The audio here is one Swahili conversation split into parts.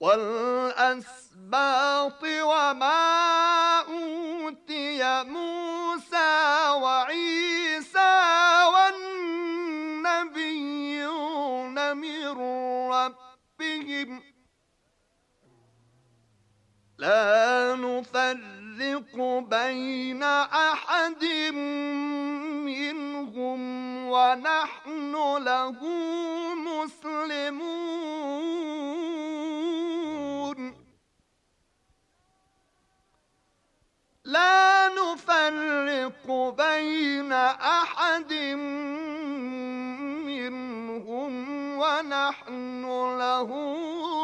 والأسباط وما أوتي موسى وعيسى والنبيون من ربهم لا نفرق بين أحد منهم ونحن له مسلمون لا نفرق بين أحد منهم ونحن له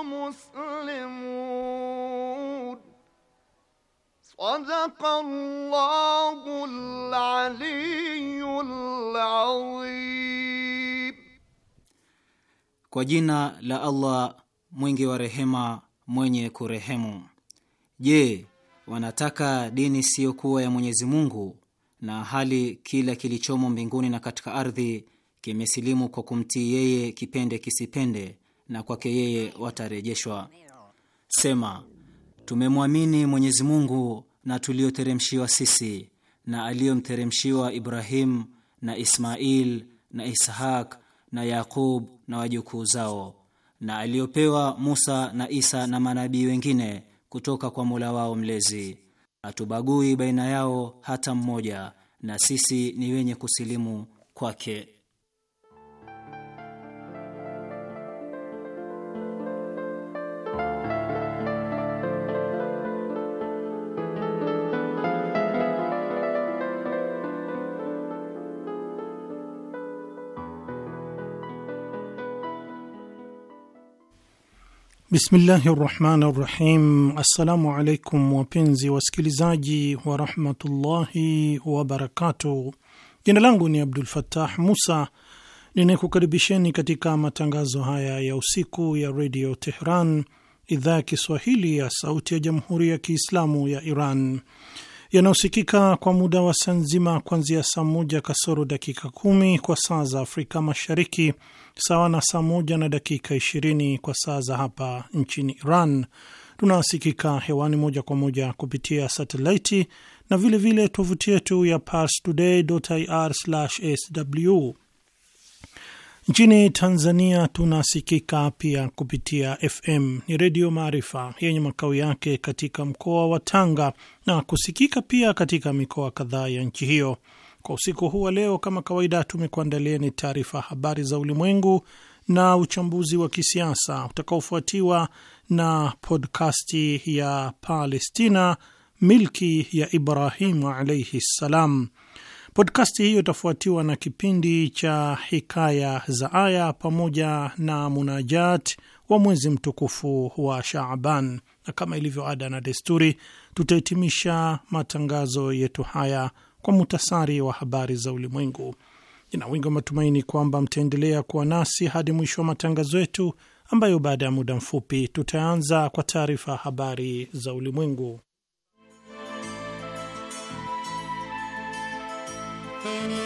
مسلمون صدق الله العلي العظيم Kwa jina la Allah mwingi wa rehema mwenye kurehemu. Je, wanataka dini siyokuwa ya Mwenyezi Mungu, na hali kila kilichomo mbinguni na katika ardhi kimesilimu kwa kumtii yeye, kipende kisipende, na kwake yeye watarejeshwa. Sema, tumemwamini Mwenyezi Mungu na tuliyoteremshiwa sisi na aliyomteremshiwa Ibrahim na Ismail na ishak na Yaqub na wajukuu zao na aliyopewa Musa na Isa na manabii wengine kutoka kwa Mola wao mlezi, hatubagui baina yao hata mmoja, na sisi ni wenye kusilimu kwake. Bismillahi rahmani rahim. Assalamu alaikum wapenzi wasikilizaji warahmatullahi wabarakatuh. Jina langu ni Abdul Fattah Musa ninakukaribisheni katika matangazo haya ya usiku ya redio Tehran idhaa ya Kiswahili ya sauti ya jamhuri ya Kiislamu ya Iran yanayosikika kwa muda wa saa nzima kuanzia saa moja kasoro dakika kumi kwa saa za Afrika Mashariki, sawa na saa moja na dakika ishirini kwa saa za hapa nchini Iran. Tunasikika hewani moja kwa moja kupitia satelaiti na vilevile tovuti yetu ya ir sw Nchini Tanzania tunasikika pia kupitia FM ni Redio Maarifa yenye makao yake katika mkoa wa Tanga na kusikika pia katika mikoa kadhaa ya nchi hiyo. Kwa usiku huu wa leo, kama kawaida, tumekuandalia ni taarifa habari za ulimwengu na uchambuzi wa kisiasa utakaofuatiwa na podkasti ya Palestina, milki ya Ibrahimu alaihi ssalam. Podkasti hiyo itafuatiwa na kipindi cha Hikaya za Aya pamoja na Munajat wa mwezi mtukufu wa Shaaban, na kama ilivyo ada na desturi, tutahitimisha matangazo yetu haya kwa muhtasari wa habari za ulimwengu. ina wingi wa matumaini kwamba mtaendelea kuwa nasi hadi mwisho wa matangazo yetu, ambayo baada ya muda mfupi tutaanza kwa taarifa habari za ulimwengu. Thank you.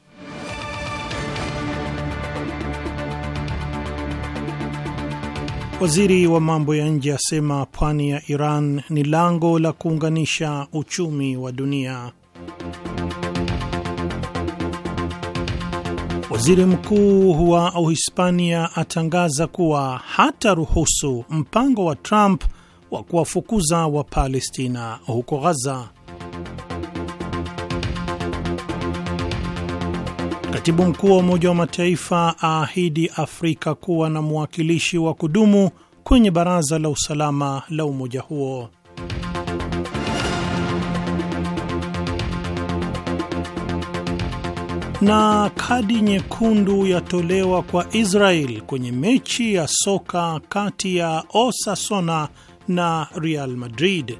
Waziri wa mambo ya nje asema pwani ya Iran ni lango la kuunganisha uchumi wa dunia. Waziri mkuu wa Uhispania atangaza kuwa hataruhusu mpango wa Trump wa kuwafukuza Wapalestina huko Ghaza. Katibu mkuu wa Umoja wa Mataifa aahidi Afrika kuwa na mwakilishi wa kudumu kwenye Baraza la Usalama la umoja huo. Na kadi nyekundu yatolewa kwa Israel kwenye mechi ya soka kati ya Osasuna na Real Madrid.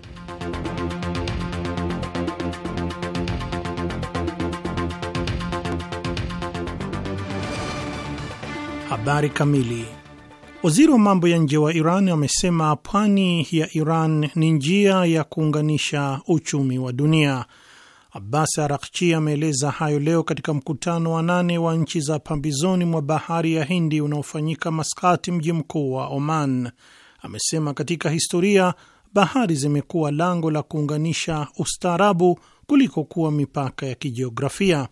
Habari kamili. Waziri wa mambo ya nje wa Iran amesema pwani ya Iran ni njia ya kuunganisha uchumi wa dunia. Abbas Arakchi ameeleza hayo leo katika mkutano wa nane wa nchi za pambizoni mwa bahari ya Hindi unaofanyika Maskati, mji mkuu wa Oman. Amesema katika historia bahari zimekuwa lango la kuunganisha ustaarabu kuliko kuwa mipaka ya kijiografia.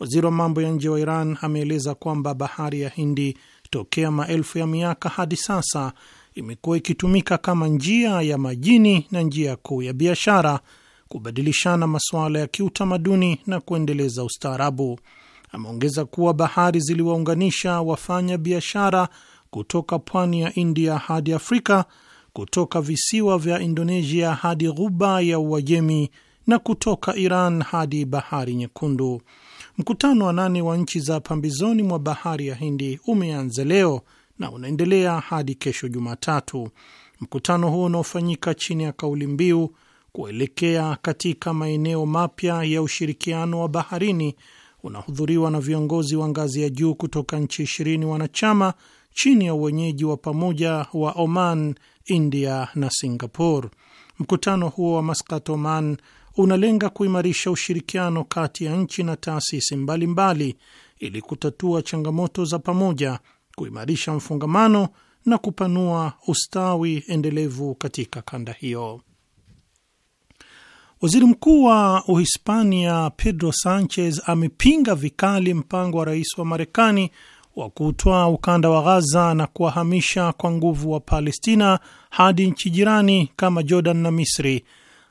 Waziri wa mambo ya nje wa Iran ameeleza kwamba bahari ya Hindi tokea maelfu ya miaka hadi sasa imekuwa ikitumika kama njia ya majini na njia kuu ya biashara, kubadilishana masuala ya kiutamaduni na kuendeleza ustaarabu. Ameongeza kuwa bahari ziliwaunganisha wafanya biashara kutoka pwani ya India hadi Afrika, kutoka visiwa vya Indonesia hadi ghuba ya Uajemi na kutoka Iran hadi bahari Nyekundu. Mkutano wa nane wa nchi za pambizoni mwa bahari ya Hindi umeanza leo na unaendelea hadi kesho Jumatatu. Mkutano huo unaofanyika chini ya kauli mbiu kuelekea katika maeneo mapya ya ushirikiano wa baharini unahudhuriwa na viongozi wa ngazi ya juu kutoka nchi ishirini wanachama chini ya uwenyeji wa pamoja wa Oman, India na Singapore. Mkutano huo wa Maskat, Oman unalenga kuimarisha ushirikiano kati ya nchi na taasisi mbalimbali ili kutatua changamoto za pamoja, kuimarisha mfungamano na kupanua ustawi endelevu katika kanda hiyo. Waziri Mkuu wa Uhispania Pedro Sanchez amepinga vikali mpango wa rais wa Marekani wa kutoa ukanda wa Ghaza na kuwahamisha kwa nguvu wa Palestina hadi nchi jirani kama Jordan na Misri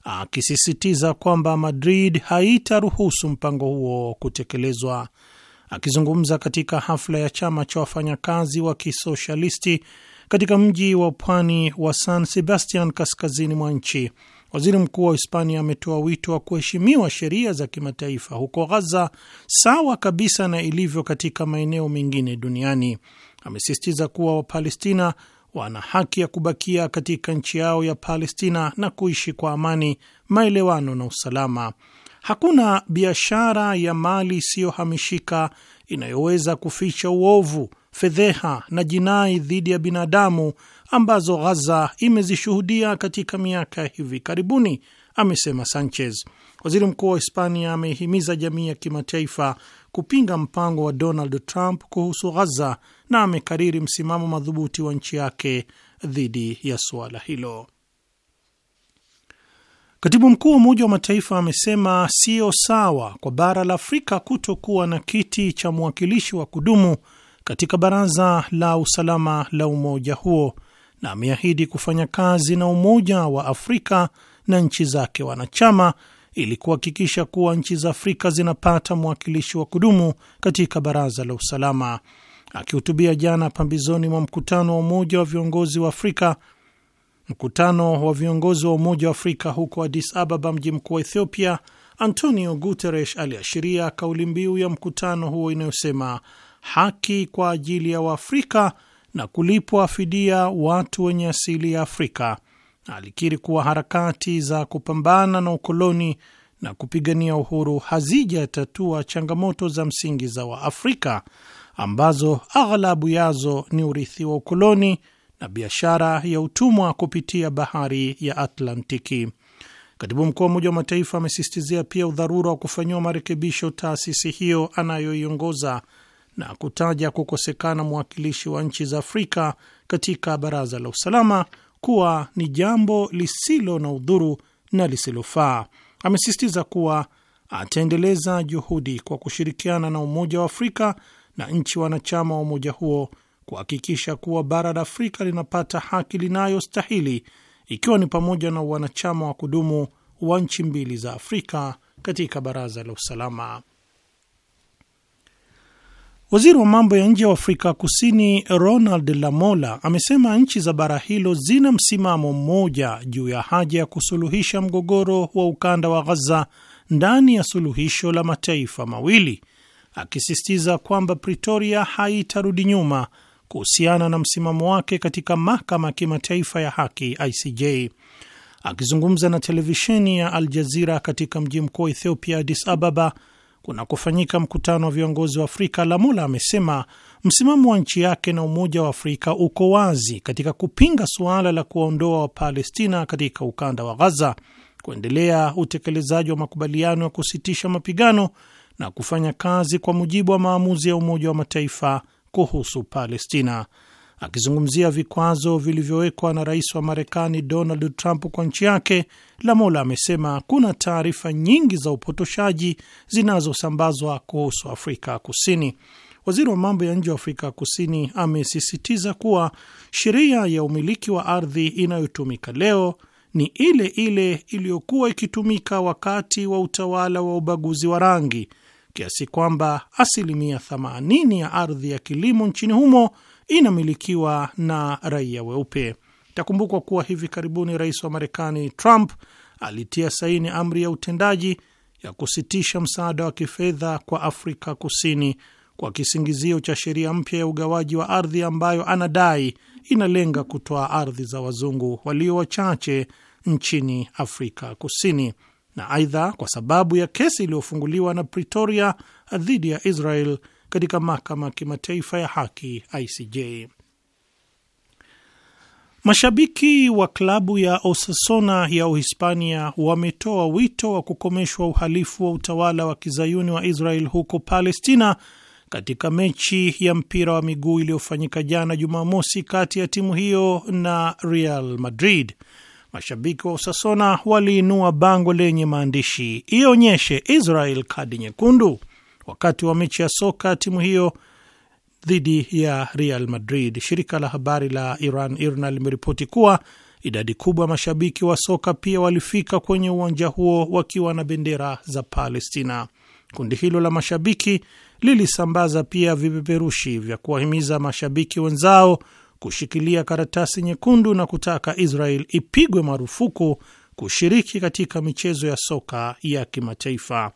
akisisitiza kwamba Madrid haitaruhusu mpango huo kutekelezwa. Akizungumza katika hafla ya chama cha wafanyakazi wa kisoshalisti katika mji wa pwani wa San Sebastian, kaskazini mwa nchi, waziri mkuu wa Hispania ametoa wito wa kuheshimiwa sheria za kimataifa huko Ghaza, sawa kabisa na ilivyo katika maeneo mengine duniani. Amesisitiza kuwa Wapalestina wana haki ya kubakia katika nchi yao ya Palestina na kuishi kwa amani, maelewano na usalama. Hakuna biashara ya mali isiyohamishika inayoweza kuficha uovu, fedheha na jinai dhidi ya binadamu ambazo Ghaza imezishuhudia katika miaka hivi karibuni, amesema Sanchez. Waziri Mkuu wa Hispania amehimiza jamii ya kimataifa kupinga mpango wa Donald Trump kuhusu Ghaza na amekariri msimamo madhubuti wa nchi yake dhidi ya suala hilo. Katibu mkuu wa Umoja wa Mataifa amesema sio sawa kwa bara la Afrika kutokuwa na kiti cha mwakilishi wa kudumu katika Baraza la Usalama la umoja huo, na ameahidi kufanya kazi na Umoja wa Afrika na nchi zake wanachama ili kuhakikisha kuwa nchi za Afrika zinapata mwakilishi wa kudumu katika Baraza la Usalama. Akihutubia jana pambizoni mwa mkutano wa Umoja wa viongozi wa Afrika, mkutano wa viongozi wa Umoja wa Afrika huko Addis Ababa, mji mkuu wa Ethiopia, Antonio Guterres aliashiria kauli mbiu ya mkutano huo inayosema haki kwa ajili ya Waafrika na kulipwa fidia watu wenye asili ya Afrika alikiri kuwa harakati za kupambana na ukoloni na kupigania uhuru hazijatatua changamoto za msingi za Waafrika ambazo aghlabu yazo ni urithi wa ukoloni na biashara ya utumwa kupitia bahari ya Atlantiki. Katibu mkuu wa Umoja wa Mataifa amesistizia pia udharura wa kufanyiwa marekebisho taasisi hiyo anayoiongoza na kutaja kukosekana mwakilishi wa nchi za Afrika katika Baraza la Usalama kuwa ni jambo lisilo na udhuru na lisilofaa. Amesisitiza kuwa ataendeleza juhudi kwa kushirikiana na Umoja wa Afrika na nchi wanachama wa umoja huo kuhakikisha kuwa bara la Afrika linapata haki linayostahili ikiwa ni pamoja na wanachama wa kudumu wa nchi mbili za Afrika katika Baraza la Usalama. Waziri wa mambo ya nje wa Afrika Kusini Ronald Lamola amesema nchi za bara hilo zina msimamo mmoja juu ya haja ya kusuluhisha mgogoro wa ukanda wa Ghaza ndani ya suluhisho la mataifa mawili, akisisitiza kwamba Pretoria haitarudi nyuma kuhusiana na msimamo wake katika mahakama ya kimataifa ya haki ICJ. Akizungumza na televisheni ya Al Jazira katika mji mkuu wa Ethiopia, Addis Ababa, kunakofanyika mkutano wa viongozi wa Afrika, mula amesema msimamo wa nchi yake na Umoja wa Afrika uko wazi katika kupinga suala la kuwaondoa Wapalestina katika ukanda wa Ghaza, kuendelea utekelezaji wa makubaliano ya kusitisha mapigano na kufanya kazi kwa mujibu wa maamuzi ya Umoja wa Mataifa kuhusu Palestina akizungumzia vikwazo vilivyowekwa na rais wa Marekani Donald Trump kwa nchi yake, Lamola amesema kuna taarifa nyingi za upotoshaji zinazosambazwa kuhusu Afrika Kusini. Waziri wa mambo ya nje wa Afrika Kusini amesisitiza kuwa sheria ya umiliki wa ardhi inayotumika leo ni ile ile iliyokuwa ikitumika wakati wa utawala wa ubaguzi wa rangi, kiasi kwamba asilimia 80 ya ardhi ya kilimo nchini humo inamilikiwa na raia weupe. Itakumbukwa kuwa hivi karibuni rais wa Marekani Trump alitia saini amri ya utendaji ya kusitisha msaada wa kifedha kwa Afrika Kusini kwa kisingizio cha sheria mpya ya ugawaji wa ardhi ambayo anadai inalenga kutoa ardhi za wazungu walio wachache nchini Afrika Kusini. Na aidha, kwa sababu ya kesi iliyofunguliwa na Pretoria dhidi ya Israel katika mahakama ya kimataifa ya haki ICJ. Mashabiki wa klabu ya Osasuna ya Uhispania wametoa wito wa kukomeshwa uhalifu wa utawala wa kizayuni wa Israel huko Palestina katika mechi ya mpira wa miguu iliyofanyika jana Jumamosi kati ya timu hiyo na Real Madrid. Mashabiki wa Osasuna waliinua bango lenye maandishi ionyeshe Israel kadi nyekundu wakati wa mechi ya soka timu hiyo dhidi ya Real Madrid. Shirika la habari la Iran IRNA limeripoti kuwa idadi kubwa ya mashabiki wa soka pia walifika kwenye uwanja huo wakiwa na bendera za Palestina. Kundi hilo la mashabiki lilisambaza pia vipeperushi vya kuwahimiza mashabiki wenzao kushikilia karatasi nyekundu na kutaka Israel ipigwe marufuku kushiriki katika michezo ya soka ya kimataifa.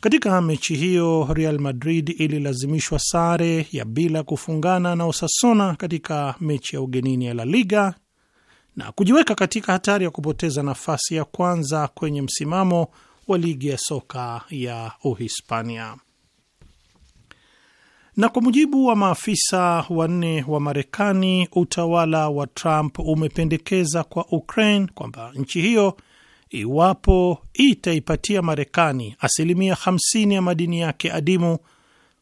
Katika mechi hiyo Real Madrid ililazimishwa sare ya bila kufungana na Osasuna katika mechi ya ugenini ya La Liga na kujiweka katika hatari ya kupoteza nafasi ya kwanza kwenye msimamo wa ligi ya soka ya Uhispania. Na kwa mujibu wa maafisa wanne wa Marekani, utawala wa Trump umependekeza kwa Ukraine kwamba nchi hiyo iwapo itaipatia Marekani asilimia 50 ya madini yake adimu,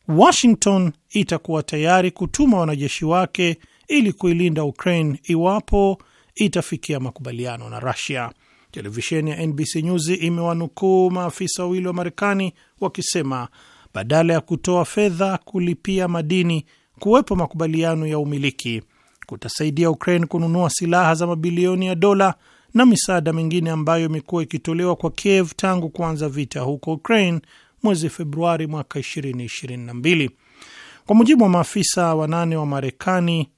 Washington itakuwa tayari kutuma wanajeshi wake ili kuilinda Ukraine iwapo itafikia makubaliano na rasia Televisheni ya NBC News imewanukuu maafisa wawili wa Marekani wakisema badala ya kutoa fedha kulipia madini, kuwepo makubaliano ya umiliki kutasaidia Ukraine kununua silaha za mabilioni ya dola na misaada mingine ambayo imekuwa ikitolewa kwa Kiev tangu kuanza vita huko Ukraine mwezi Februari mwaka 2022. Kwa mujibu wa maafisa wanane wa Marekani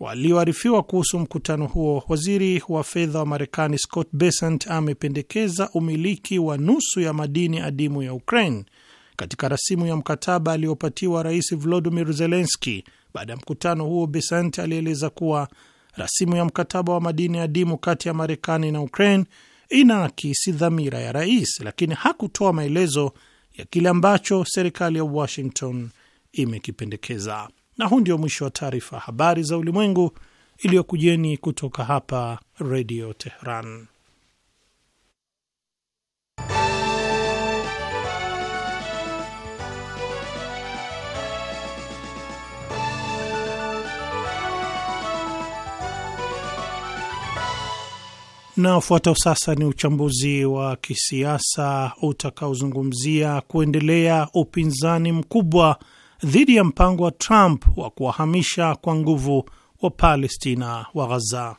walioarifiwa kuhusu mkutano huo, waziri wa fedha wa Marekani Scott Bessent amependekeza umiliki wa nusu ya madini adimu ya Ukraine katika rasimu ya mkataba aliyopatiwa Rais Volodymyr Zelensky. Baada ya mkutano huo, Bessent alieleza kuwa Rasimu ya mkataba wa madini ya dimu kati ya Marekani na Ukraine inaakisi dhamira ya rais, lakini hakutoa maelezo ya kile ambacho serikali ya Washington imekipendekeza. Na huu ndio mwisho wa taarifa habari za ulimwengu iliyokujeni kutoka hapa Redio Teheran. Na ufuatao sasa ni uchambuzi wa kisiasa utakaozungumzia kuendelea upinzani mkubwa dhidi ya mpango wa Trump wa kuwahamisha kwa nguvu wa Palestina wa Ghaza.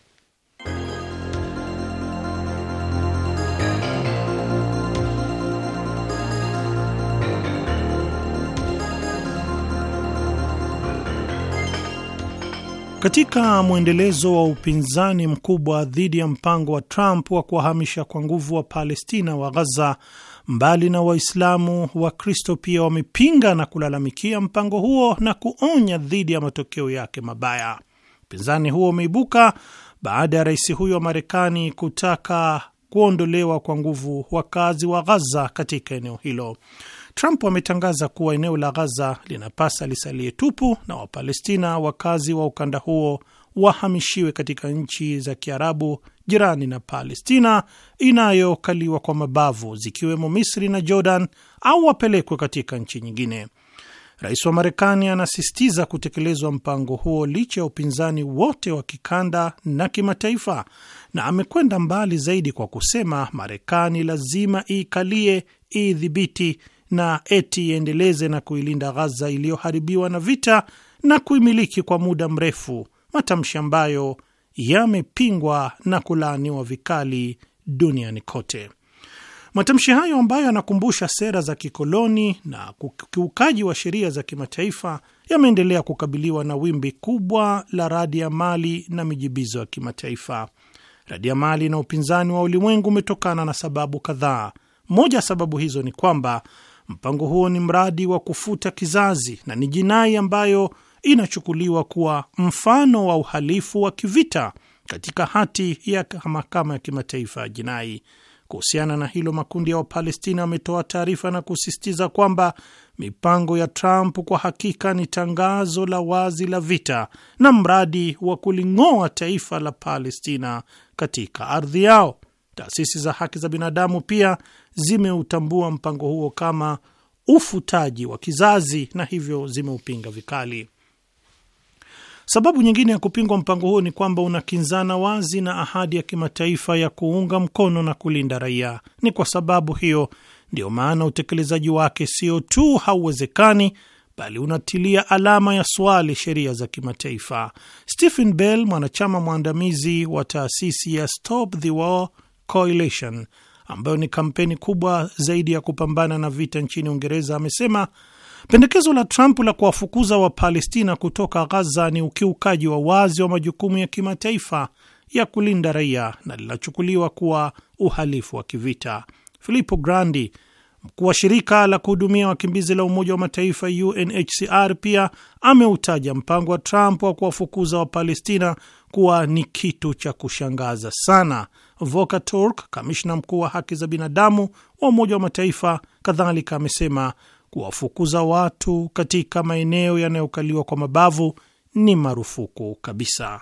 Katika mwendelezo wa upinzani mkubwa dhidi ya mpango wa Trump wa kuwahamisha kwa nguvu wa Palestina wa Ghaza, mbali na Waislamu, Wakristo pia wamepinga na kulalamikia mpango huo na kuonya dhidi ya matokeo yake mabaya. Upinzani huo umeibuka baada ya rais huyo wa Marekani kutaka kuondolewa kwa nguvu wakazi wa Ghaza katika eneo hilo. Trump ametangaza kuwa eneo la Ghaza linapasa lisalie tupu na Wapalestina wakazi wa ukanda huo wahamishiwe katika nchi za Kiarabu jirani na Palestina inayokaliwa kwa mabavu zikiwemo Misri na Jordan au wapelekwe katika nchi nyingine. Rais wa Marekani anasisitiza kutekelezwa mpango huo licha ya upinzani wote wa kikanda na kimataifa, na amekwenda mbali zaidi kwa kusema Marekani lazima iikalie, iidhibiti na eti iendeleze na kuilinda Ghaza iliyoharibiwa na vita na kuimiliki kwa muda mrefu, matamshi ambayo yamepingwa na kulaaniwa vikali duniani kote. Matamshi hayo ambayo yanakumbusha sera za kikoloni na ukiukaji wa sheria za kimataifa yameendelea kukabiliwa na wimbi kubwa la radi ya mali na mijibizo ya kimataifa. Radi ya mali na upinzani wa ulimwengu umetokana na sababu kadhaa. Moja ya sababu hizo ni kwamba Mpango huo ni mradi wa kufuta kizazi na ni jinai ambayo inachukuliwa kuwa mfano wa uhalifu wa kivita katika hati ya mahakama ya kimataifa ya jinai. Kuhusiana na hilo, makundi ya Wapalestina wametoa taarifa na kusisitiza kwamba mipango ya Trump kwa hakika ni tangazo la wazi la vita na mradi wa kuling'oa taifa la Palestina katika ardhi yao. Taasisi za haki za binadamu pia zimeutambua mpango huo kama ufutaji wa kizazi na hivyo zimeupinga vikali. Sababu nyingine ya kupingwa mpango huo ni kwamba unakinzana wazi na ahadi ya kimataifa ya kuunga mkono na kulinda raia. Ni kwa sababu hiyo ndiyo maana utekelezaji wake sio tu hauwezekani bali unatilia alama ya swali sheria za kimataifa. Stephen Bell, mwanachama mwandamizi wa taasisi ya Stop the War Coalition, ambayo ni kampeni kubwa zaidi ya kupambana na vita nchini Uingereza, amesema pendekezo la Trump la kuwafukuza Wapalestina kutoka Ghaza ni ukiukaji wa wazi wa majukumu ya kimataifa ya kulinda raia na linachukuliwa kuwa uhalifu wa kivita. Filippo Grandi, mkuu wa shirika la kuhudumia wakimbizi la Umoja wa Mataifa UNHCR, pia ameutaja mpango wa Trump wa kuwafukuza Wapalestina kuwa ni kitu cha kushangaza sana Volker Turk, kamishna mkuu wa haki za binadamu wa Umoja wa Mataifa, kadhalika amesema kuwafukuza watu katika maeneo yanayokaliwa kwa mabavu ni marufuku kabisa.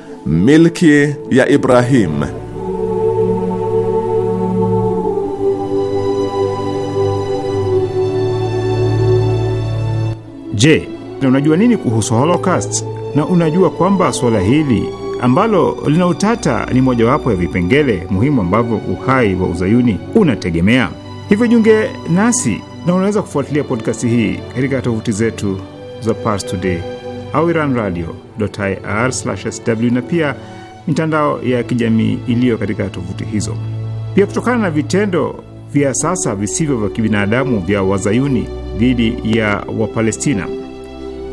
Milki ya Ibrahim. Je, na unajua nini kuhusu Holocaust? Na unajua kwamba suala hili ambalo lina utata ni mojawapo ya vipengele muhimu ambavyo uhai wa uzayuni unategemea. Hivyo jiunge nasi na unaweza kufuatilia podkasti hii katika tovuti zetu za Pars Today au iranradio.ir/sw na pia mitandao ya kijamii iliyo katika tovuti hizo. Pia kutokana na vitendo vya sasa visivyo vya kibinadamu vya wazayuni dhidi ya Wapalestina,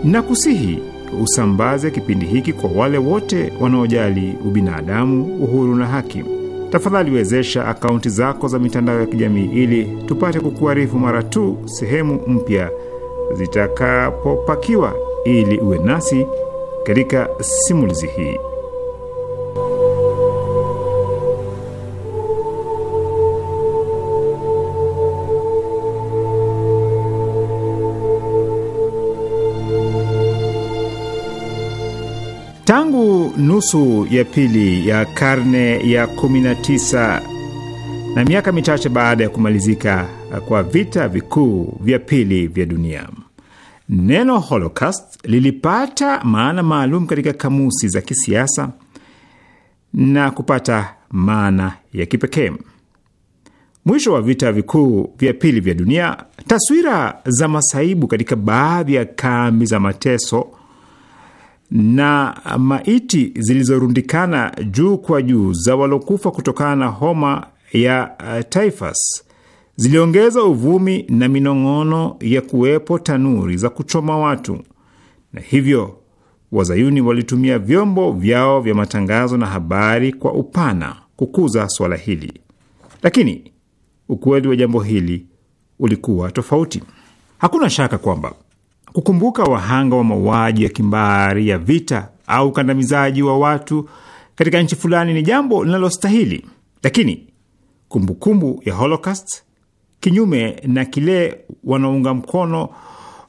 nakusihi usambaze kipindi hiki kwa wale wote wanaojali ubinadamu, uhuru na haki. Tafadhali wezesha akaunti zako za mitandao ya kijamii ili tupate kukuarifu mara tu sehemu mpya zitakapopakiwa ili uwe nasi katika simulizi hii. Tangu nusu ya pili ya karne ya 19 na miaka michache baada ya kumalizika kwa vita vikuu vya pili vya dunia Neno Holocaust lilipata maana maalum katika kamusi za kisiasa na kupata maana ya kipekee mwisho wa vita vikuu vya pili vya dunia. Taswira za masaibu katika baadhi ya kambi za mateso na maiti zilizorundikana juu kwa juu za walokufa kutokana na homa ya eh, typhus ziliongeza uvumi na minong'ono ya kuwepo tanuri za kuchoma watu, na hivyo wazayuni walitumia vyombo vyao vya matangazo na habari kwa upana kukuza swala hili, lakini ukweli wa jambo hili ulikuwa tofauti. Hakuna shaka kwamba kukumbuka wahanga wa mauaji ya kimbari ya vita au ukandamizaji wa watu katika nchi fulani ni jambo linalostahili, lakini kumbukumbu kumbu ya Holocaust kinyume na kile wanaunga mkono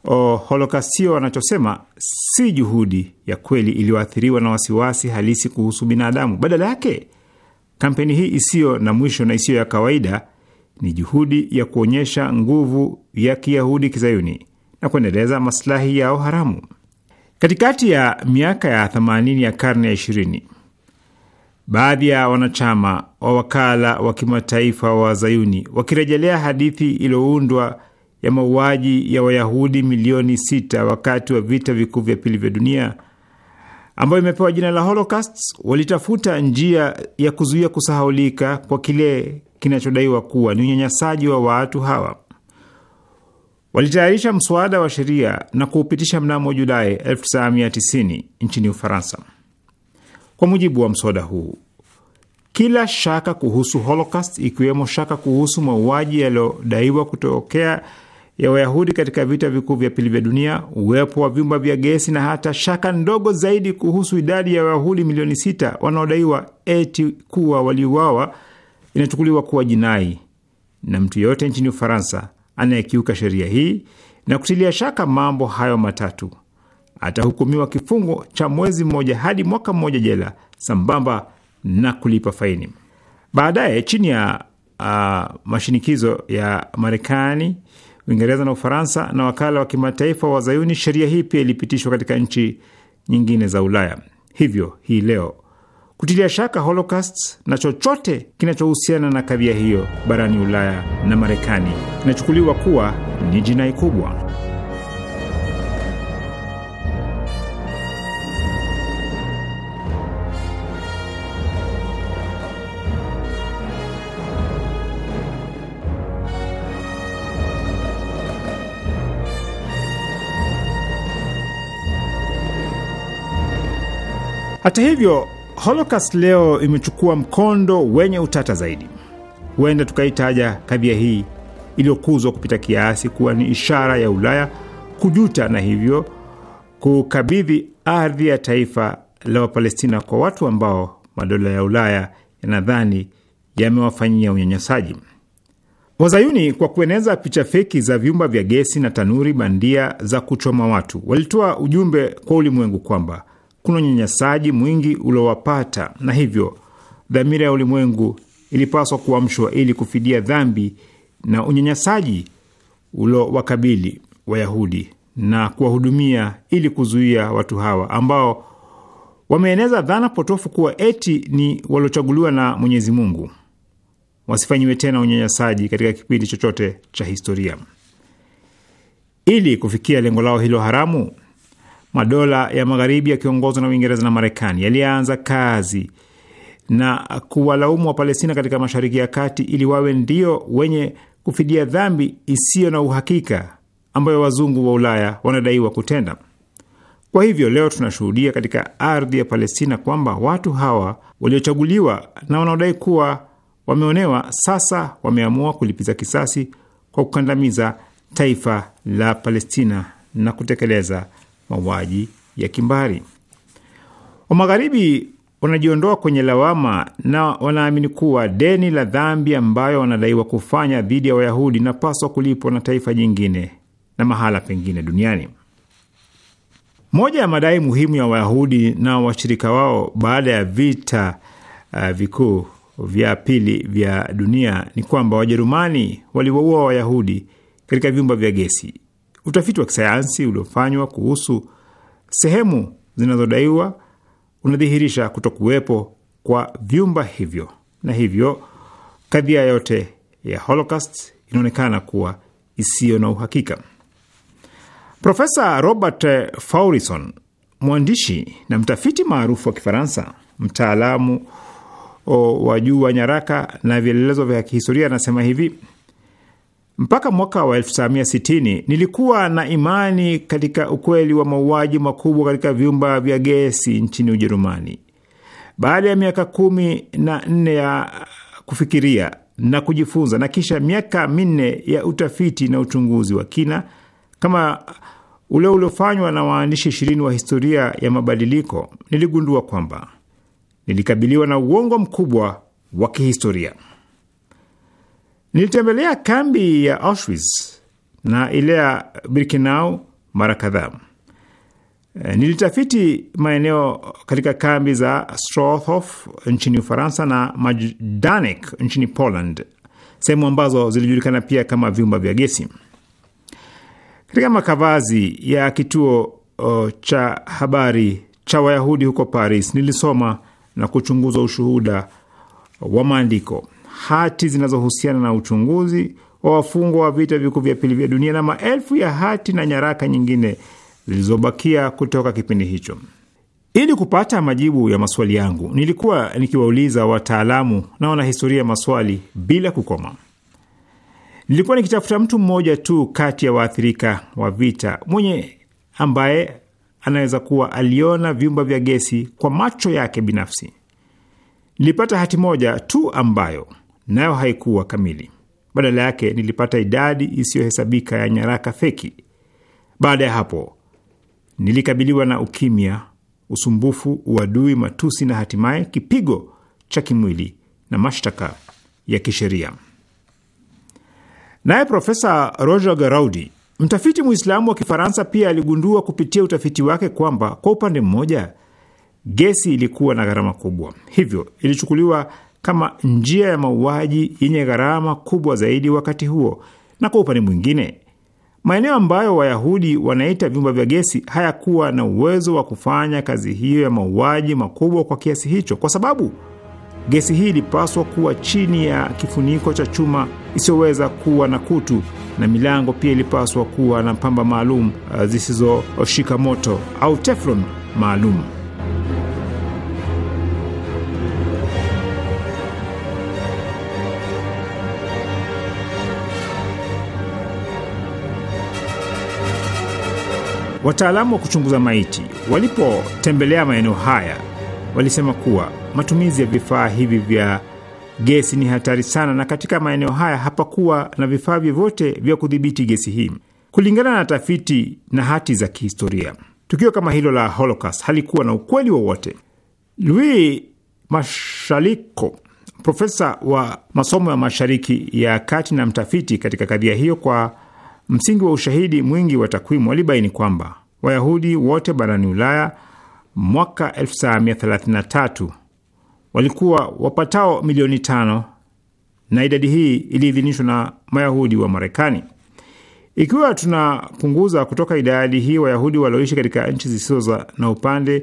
o, holokastio wanachosema si juhudi ya kweli iliyoathiriwa na wasiwasi halisi kuhusu binadamu. Badala yake, kampeni hii isiyo na mwisho na isiyo ya kawaida ni juhudi ya kuonyesha nguvu ya Kiyahudi kizayuni na kuendeleza maslahi yao haramu. Katikati ya miaka ya 80 ya karne ya 20 baadhi ya wanachama wa wakala wa kimataifa wa Zayuni wakirejelea hadithi iliyoundwa ya mauaji ya Wayahudi milioni sita wakati wa vita vikuu vya pili vya dunia ambayo imepewa jina la Holocaust, walitafuta njia ya kuzuia kusahaulika kwa kile kinachodaiwa kuwa ni unyanyasaji wa watu hawa. Walitayarisha mswada wa sheria na kuupitisha mnamo Julai 1990 nchini Ufaransa. Kwa mujibu wa mswada huu, kila shaka kuhusu Holocaust, ikiwemo shaka kuhusu mauaji yaliyodaiwa kutokea ya Wayahudi katika vita vikuu vya pili vya dunia, uwepo wa vyumba vya gesi na hata shaka ndogo zaidi kuhusu idadi ya Wayahudi milioni sita wanaodaiwa eti kuwa waliuawa, inachukuliwa kuwa jinai, na mtu yeyote nchini Ufaransa anayekiuka sheria hii na kutilia shaka mambo hayo matatu atahukumiwa kifungo cha mwezi mmoja hadi mwaka mmoja jela sambamba na kulipa faini. Baadaye, chini ya uh, mashinikizo ya Marekani, Uingereza na Ufaransa na wakala wa kimataifa wa Zayuni, sheria hii pia ilipitishwa katika nchi nyingine za Ulaya. Hivyo hii leo kutilia shaka Holocaust na chochote kinachohusiana na kadhia hiyo barani Ulaya na Marekani kinachukuliwa kuwa ni jinai kubwa. Hata hivyo, Holocaust leo imechukua mkondo wenye utata zaidi. Huenda tukaitaja kadhia hii iliyokuzwa kupita kiasi kuwa ni ishara ya Ulaya kujuta na hivyo kukabidhi ardhi ya taifa la Wapalestina kwa watu ambao madola ya Ulaya yanadhani yamewafanyia unyanyasaji. Wazayuni kwa kueneza picha feki za vyumba vya gesi na tanuri bandia za kuchoma watu walitoa ujumbe kwa ulimwengu kwamba kuna unyanyasaji mwingi uliowapata, na hivyo dhamira ya ulimwengu ilipaswa kuamshwa ili kufidia dhambi na unyanyasaji uliowakabili Wayahudi na kuwahudumia ili kuzuia watu hawa ambao wameeneza dhana potofu kuwa eti ni waliochaguliwa na Mwenyezi Mungu wasifanyiwe tena unyanyasaji katika kipindi chochote cha historia. Ili kufikia lengo lao hilo haramu, madola ya magharibi yakiongozwa na Uingereza na Marekani yalianza kazi na kuwalaumu wa palestina katika Mashariki ya Kati ili wawe ndio wenye kufidia dhambi isiyo na uhakika ambayo wazungu wa Ulaya wanadaiwa kutenda. Kwa hivyo leo tunashuhudia katika ardhi ya Palestina kwamba watu hawa waliochaguliwa na wanaodai kuwa wameonewa sasa wameamua kulipiza kisasi kwa kukandamiza taifa la Palestina na kutekeleza mauaji ya kimbari. Wa Magharibi wanajiondoa kwenye lawama na wanaamini kuwa deni la dhambi ambayo wanadaiwa kufanya dhidi ya Wayahudi inapaswa kulipwa na taifa jingine na mahala pengine duniani. Moja ya madai muhimu ya Wayahudi na washirika wao baada ya vita uh, vikuu vya pili vya dunia ni kwamba Wajerumani waliwaua Wayahudi katika vyumba vya gesi Utafiti wa kisayansi uliofanywa kuhusu sehemu zinazodaiwa unadhihirisha kutokuwepo kwa vyumba hivyo, na hivyo kadhia yote ya Holocaust inaonekana kuwa isiyo na uhakika. Profesa Robert Faurison, mwandishi na mtafiti maarufu wa Kifaransa, mtaalamu wa juu wa nyaraka na vielelezo vya kihistoria, anasema hivi: mpaka mwaka wa 1960 nilikuwa na imani katika ukweli wa mauaji makubwa katika vyumba vya gesi nchini Ujerumani. Baada ya miaka kumi na nne ya kufikiria na kujifunza na kisha miaka minne ya utafiti na uchunguzi wa kina kama ule uliofanywa na waandishi ishirini wa historia ya mabadiliko, niligundua kwamba nilikabiliwa na uongo mkubwa wa kihistoria. Nilitembelea kambi ya Auschwitz na ile ya Birkenau mara kadhaa. Eh, nilitafiti maeneo katika kambi za Strothof nchini Ufaransa na Majdanek nchini Poland, sehemu ambazo zilijulikana pia kama vyumba vya gesi. Katika makavazi ya kituo cha habari cha Wayahudi huko Paris, nilisoma na kuchunguza ushuhuda wa maandiko hati zinazohusiana na uchunguzi wa wafungwa wa vita vikuu vya pili vya dunia na maelfu ya hati na nyaraka nyingine zilizobakia kutoka kipindi hicho. Ili kupata majibu ya maswali yangu, nilikuwa nikiwauliza wataalamu na wanahistoria maswali bila kukoma. Nilikuwa nikitafuta mtu mmoja tu kati ya waathirika wa vita mwenye ambaye anaweza kuwa aliona vyumba vya gesi kwa macho yake binafsi. Nilipata hati moja tu ambayo nayo haikuwa kamili. Badala yake nilipata idadi isiyohesabika ya nyaraka feki. Baada ya hapo nilikabiliwa na ukimya, usumbufu, uadui, matusi na hatimaye kipigo cha kimwili na mashtaka ya kisheria. Naye Profesa Roger Garaudi, mtafiti Mwislamu wa Kifaransa, pia aligundua kupitia utafiti wake kwamba kwa upande mmoja gesi ilikuwa na gharama kubwa, hivyo ilichukuliwa kama njia ya mauaji yenye gharama kubwa zaidi wakati huo. Na kwa upande mwingine, maeneo ambayo Wayahudi wanaita vyumba vya gesi hayakuwa na uwezo wa kufanya kazi hiyo ya mauaji makubwa kwa kiasi hicho, kwa sababu gesi hii ilipaswa kuwa chini ya kifuniko cha chuma isiyoweza kuwa na kutu, na milango pia ilipaswa kuwa na pamba maalum uh, zisizoshika moto au teflon maalum. Wataalamu wa kuchunguza maiti walipotembelea maeneo haya walisema kuwa matumizi ya vifaa hivi vya gesi ni hatari sana, na katika maeneo haya hapakuwa na vifaa vyovyote vya kudhibiti gesi hii. Kulingana na tafiti na hati za kihistoria, tukio kama hilo la Holocaust halikuwa na ukweli wowote. Louis Mashaliko, profesa wa masomo ya Mashariki ya Kati na mtafiti katika kadhia hiyo, kwa msingi wa ushahidi mwingi wa takwimu walibaini kwamba Wayahudi wote barani Ulaya mwaka 1933 walikuwa wapatao milioni tano na idadi hii iliidhinishwa na Mayahudi wa Marekani. Ikiwa tunapunguza kutoka idadi hii Wayahudi walioishi katika nchi zisizo na upande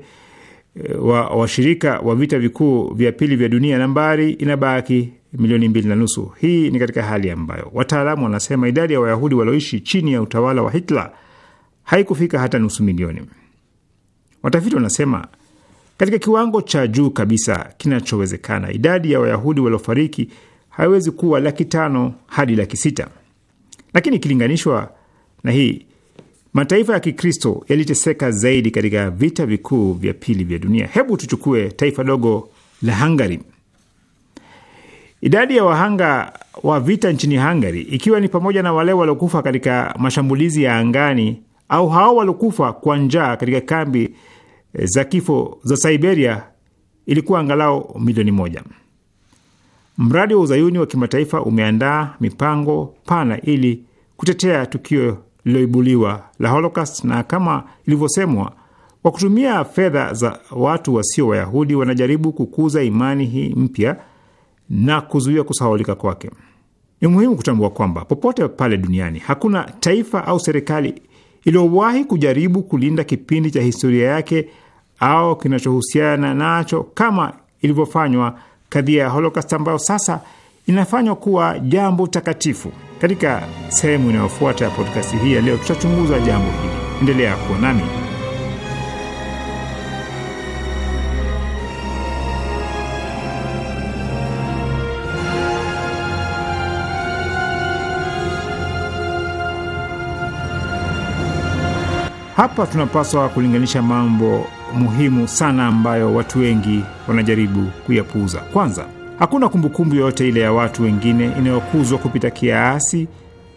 eh, wa washirika wa vita vikuu vya pili vya dunia, nambari inabaki milioni mbili na nusu. Hii ni katika hali ambayo wataalamu wanasema idadi ya Wayahudi walioishi chini ya utawala wa Hitler haikufika hata nusu milioni. Watafiti wanasema katika kiwango cha juu kabisa kinachowezekana, idadi ya Wayahudi waliofariki haiwezi kuwa laki tano hadi laki sita, lakini ikilinganishwa na hii mataifa ya Kikristo yaliteseka zaidi katika vita vikuu vya pili vya dunia. Hebu tuchukue taifa dogo la Hungary. Idadi ya wahanga wa vita nchini Hungary, ikiwa ni pamoja na wale waliokufa katika mashambulizi ya angani au hao waliokufa kwa njaa katika kambi eh, za kifo za Siberia, ilikuwa angalau milioni moja. Mradi wa uzayuni wa kimataifa umeandaa mipango pana ili kutetea tukio liloibuliwa la Holocaust, na kama ilivyosemwa, kwa kutumia fedha za watu wasio Wayahudi wanajaribu kukuza imani hii mpya na kuzuia kusahaulika kwake. Ni muhimu kutambua kwamba popote pale duniani hakuna taifa au serikali iliyowahi kujaribu kulinda kipindi cha historia yake au kinachohusiana nacho kama ilivyofanywa kadhia ya Holocaust ambayo sasa inafanywa kuwa jambo takatifu. Katika sehemu inayofuata ya podkasti hii ya leo, tutachunguza jambo hili. Endelea kuwa nami. Hapa tunapaswa kulinganisha mambo muhimu sana ambayo watu wengi wanajaribu kuyapuuza. Kwanza, hakuna kumbukumbu yoyote ile ya watu wengine inayokuzwa kupita kiasi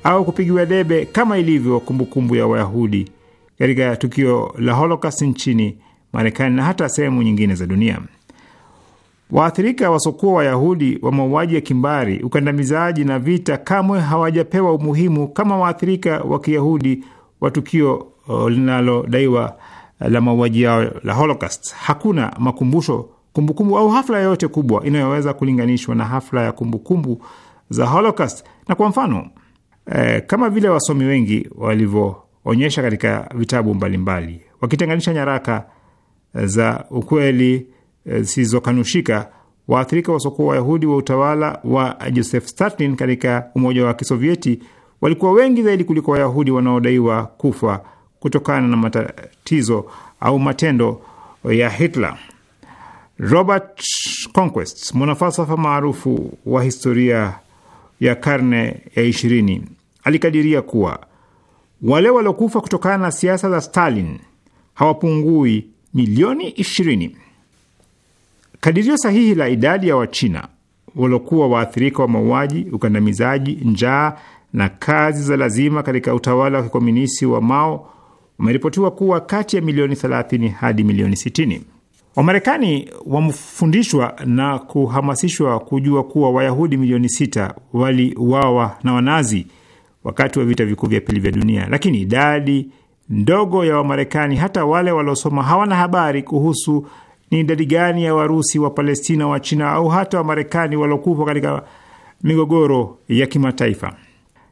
au kupigiwa debe kama ilivyo kumbukumbu ya Wayahudi katika tukio la Holocaust nchini Marekani na hata sehemu nyingine za dunia. Waathirika wasiokuwa Wayahudi wa mauaji ya kimbari, ukandamizaji na vita kamwe hawajapewa umuhimu kama waathirika wa Kiyahudi wa tukio Uh, linalodaiwa uh, la mauaji yao la Holocaust. Hakuna makumbusho, kumbukumbu au hafla yoyote kubwa inayoweza kulinganishwa na hafla ya kumbukumbu za Holocaust. Na kwa mfano eh, kama vile wasomi wengi walivyoonyesha katika vitabu mbalimbali wakitenganisha nyaraka eh, za ukweli eh, zisizokanushika eh, waathirika wasokuwa Wayahudi wa utawala wa Joseph Stalin katika Umoja wa Kisovieti walikuwa wengi zaidi kuliko Wayahudi wanaodaiwa kufa kutokana na matatizo au matendo ya Hitler. Robert Conquest, mwanafalsafa maarufu wa historia ya karne ya ishirini, alikadiria kuwa wale waliokufa kutokana na siasa za Stalin hawapungui milioni ishirini. Kadirio sahihi la idadi ya Wachina waliokuwa waathirika wa mauaji, ukandamizaji, njaa na kazi za lazima katika utawala wa kikomunisti wa Mao umeripotiwa kuwa kati ya milioni 30 hadi milioni 60. Wamarekani wamefundishwa na kuhamasishwa kujua kuwa Wayahudi milioni sita waliuawa na Wanazi wakati wa vita vikuu vya pili vya dunia, lakini idadi ndogo ya Wamarekani, hata wale waliosoma, hawana habari kuhusu ni idadi gani ya Warusi, wa Palestina, wa China au hata Wamarekani waliokufa katika migogoro ya kimataifa.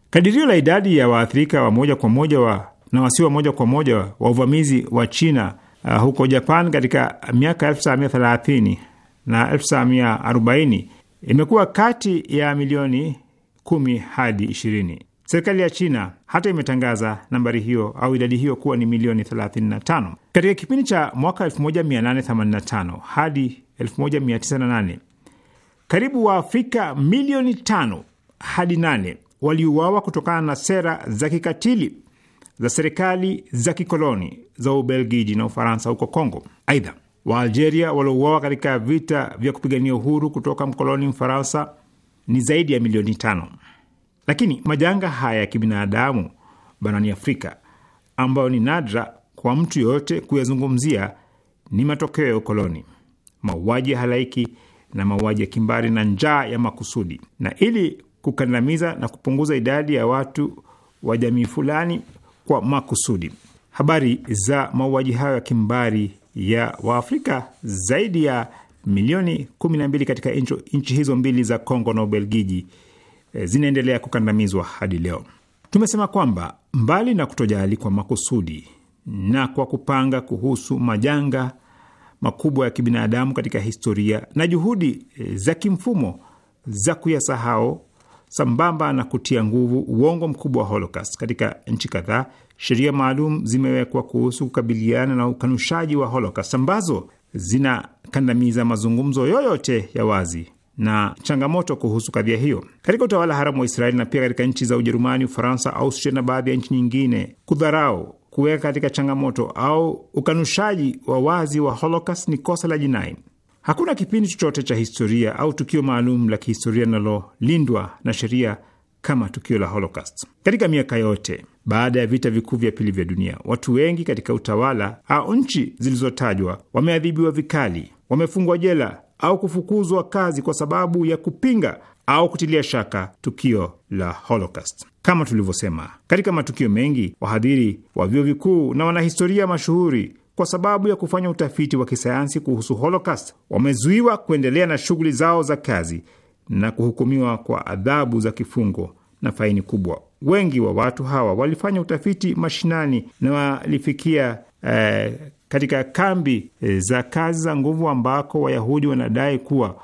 Kadirio la idadi ya waathirika wa moja kwa moja wa na wasiwa moja kwa moja wa uvamizi wa China uh, huko Japan katika miaka 1930 na 1940 imekuwa kati ya milioni kumi hadi 20. Serikali ya China hata imetangaza nambari hiyo au idadi hiyo kuwa ni milioni 35. Katika kipindi cha mwaka 1885 hadi 1998, karibu Waafrika milioni tano hadi nane waliuawa kutokana na sera za kikatili za serikali za kikoloni za Ubelgiji na Ufaransa huko Kongo. Aidha, Waalgeria waliouawa katika vita vya kupigania uhuru kutoka mkoloni Mfaransa ni zaidi ya milioni tano. Lakini majanga haya ya kibinadamu barani Afrika ambayo ni nadra kwa mtu yoyote kuyazungumzia ni matokeo ya ukoloni, mauaji ya halaiki na mauaji ya kimbari na njaa ya makusudi. Na ili kukandamiza na kupunguza idadi ya watu wa jamii fulani, kwa makusudi. Habari za mauaji hayo ya kimbari ya Waafrika zaidi ya milioni 12 katika nchi hizo mbili za Kongo na Ubelgiji eh, zinaendelea kukandamizwa hadi leo. Tumesema kwamba mbali na kutojali kwa makusudi na kwa kupanga kuhusu majanga makubwa ya kibinadamu katika historia na juhudi eh, za kimfumo za kuyasahau sambamba na kutia nguvu uongo mkubwa wa Holocaust. Katika nchi kadhaa, sheria maalum zimewekwa kuhusu kukabiliana na ukanushaji wa Holocaust ambazo zinakandamiza mazungumzo yoyote ya wazi na changamoto kuhusu kadhia hiyo katika utawala haramu wa Israeli na pia katika nchi za Ujerumani, Ufaransa, Austria na baadhi ya nchi nyingine. Kudharau, kuweka katika changamoto au ukanushaji wa wazi wa Holocaust ni kosa la jinai. Hakuna kipindi chochote cha historia au tukio maalum la kihistoria linalolindwa na sheria kama tukio la Holocaust. Katika miaka yote baada ya vita vikuu vya pili vya dunia, watu wengi katika utawala au nchi zilizotajwa wameadhibiwa vikali, wamefungwa jela au kufukuzwa kazi kwa sababu ya kupinga au kutilia shaka tukio la Holocaust. Kama tulivyosema, katika matukio mengi, wahadhiri wa vyuo vikuu na wanahistoria mashuhuri kwa sababu ya kufanya utafiti wa kisayansi kuhusu Holocaust. Wamezuiwa kuendelea na shughuli zao za kazi na kuhukumiwa kwa adhabu za kifungo na faini kubwa. Wengi wa watu hawa walifanya utafiti mashinani na walifikia eh, katika kambi eh, za kazi za nguvu ambako Wayahudi wanadai kuwa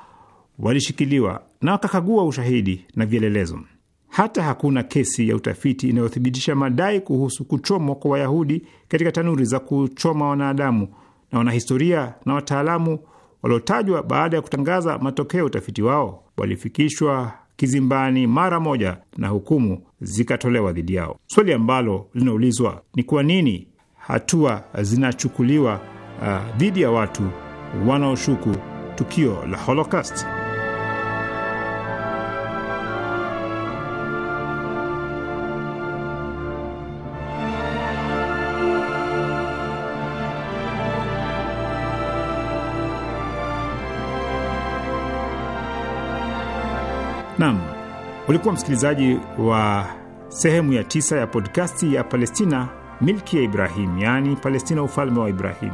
walishikiliwa na wakakagua ushahidi na vielelezo hata hakuna kesi ya utafiti inayothibitisha madai kuhusu kuchomwa kwa Wayahudi katika tanuri za kuchoma wanadamu, na wanahistoria na wataalamu waliotajwa baada ya kutangaza matokeo ya utafiti wao walifikishwa kizimbani mara moja na hukumu zikatolewa dhidi yao. Swali ambalo linaulizwa ni kwa nini hatua zinachukuliwa uh, dhidi uh, ya watu wanaoshuku tukio la Holocaust. Naam, ulikuwa msikilizaji wa sehemu ya tisa ya podkasti ya Palestina milki ya Ibrahim, yaani Palestina ufalme wa Ibrahim.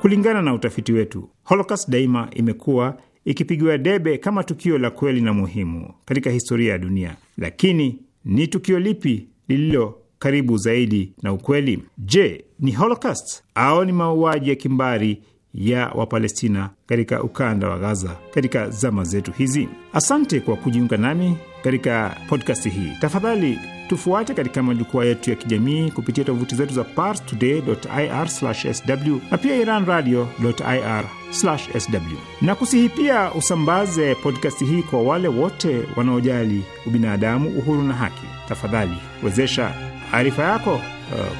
Kulingana na utafiti wetu, Holocaust daima imekuwa ikipigiwa debe kama tukio la kweli na muhimu katika historia ya dunia, lakini ni tukio lipi lililo karibu zaidi na ukweli? Je, ni Holocaust au ni mauaji ya kimbari ya Wapalestina katika ukanda wa Gaza katika zama zetu hizi. Asante kwa kujiunga nami katika podkasti hii. Tafadhali tufuate katika majukwaa yetu ya kijamii kupitia tovuti zetu za parstoday.ir/sw na pia iranradio.ir/sw, na kusihi pia usambaze podkasti hii kwa wale wote wanaojali ubinadamu, uhuru na haki. Tafadhali wezesha arifa yako uh,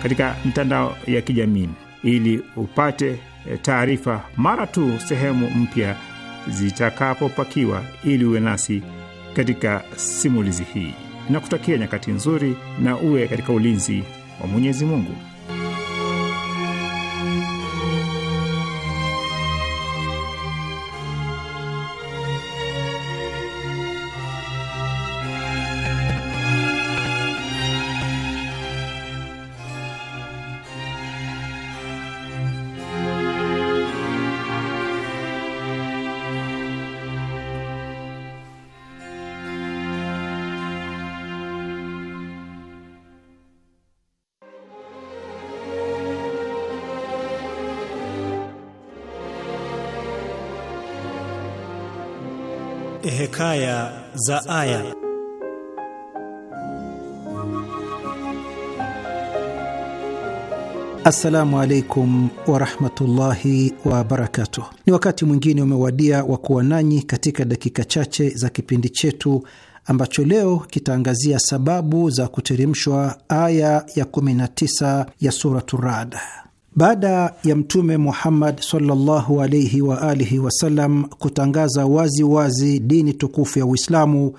katika mtandao ya kijamii ili upate Eh, taarifa mara tu sehemu mpya zitakapopakiwa, ili uwe nasi katika simulizi hii na kutakia nyakati nzuri, na uwe katika ulinzi wa Mwenyezi Mungu. Hekaya za Aya. Assalamu alaikum warahmatullahi wabarakatuh. Ni wakati mwingine umewadia wa kuwa nanyi katika dakika chache za kipindi chetu ambacho leo kitaangazia sababu za kuteremshwa aya ya 19 ya Suratu Rad. Baada ya Mtume Muhammad sallallahu alaihi wa alihi wasallam kutangaza wazi wazi dini tukufu ya Uislamu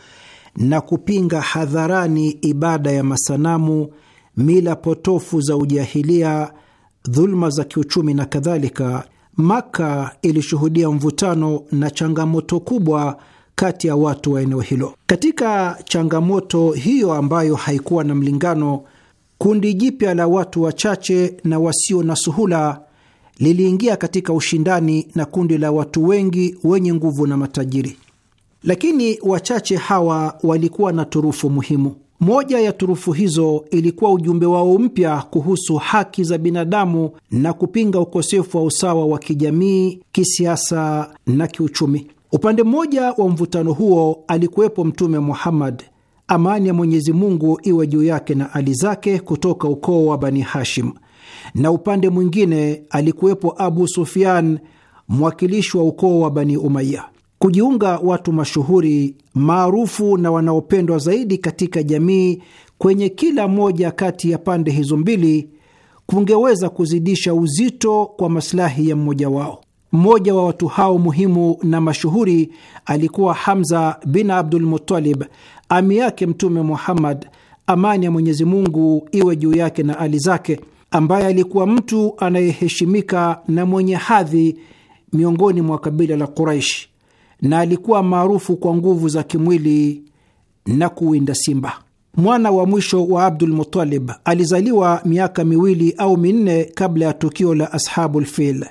na kupinga hadharani ibada ya masanamu, mila potofu za ujahilia, dhuluma za kiuchumi na kadhalika, Makka ilishuhudia mvutano na changamoto kubwa kati ya watu wa eneo hilo. Katika changamoto hiyo ambayo haikuwa na mlingano kundi jipya la watu wachache na wasio na suhula liliingia katika ushindani na kundi la watu wengi wenye nguvu na matajiri, lakini wachache hawa walikuwa na turufu muhimu. Moja ya turufu hizo ilikuwa ujumbe wao mpya kuhusu haki za binadamu na kupinga ukosefu wa usawa wa kijamii, kisiasa na kiuchumi. Upande mmoja wa mvutano huo alikuwepo Mtume Muhammad amani ya Mwenyezi Mungu iwe juu yake na ali zake, kutoka ukoo wa Bani Hashim, na upande mwingine alikuwepo Abu Sufyan, mwakilishi wa ukoo wa Bani Umaya. Kujiunga watu mashuhuri maarufu na wanaopendwa zaidi katika jamii kwenye kila moja kati ya pande hizo mbili kungeweza kuzidisha uzito kwa masilahi ya mmoja wao. Mmoja wa watu hao muhimu na mashuhuri alikuwa Hamza bin Abdul Muttalib, ami yake Mtume Muhammad, amani ya Mwenyezi Mungu iwe juu yake na ali zake, ambaye alikuwa mtu anayeheshimika na mwenye hadhi miongoni mwa kabila la Quraish, na alikuwa maarufu kwa nguvu za kimwili na kuwinda simba. Mwana wa mwisho wa Abdul Muttalib alizaliwa miaka miwili au minne kabla ya tukio la Ashabul Fil.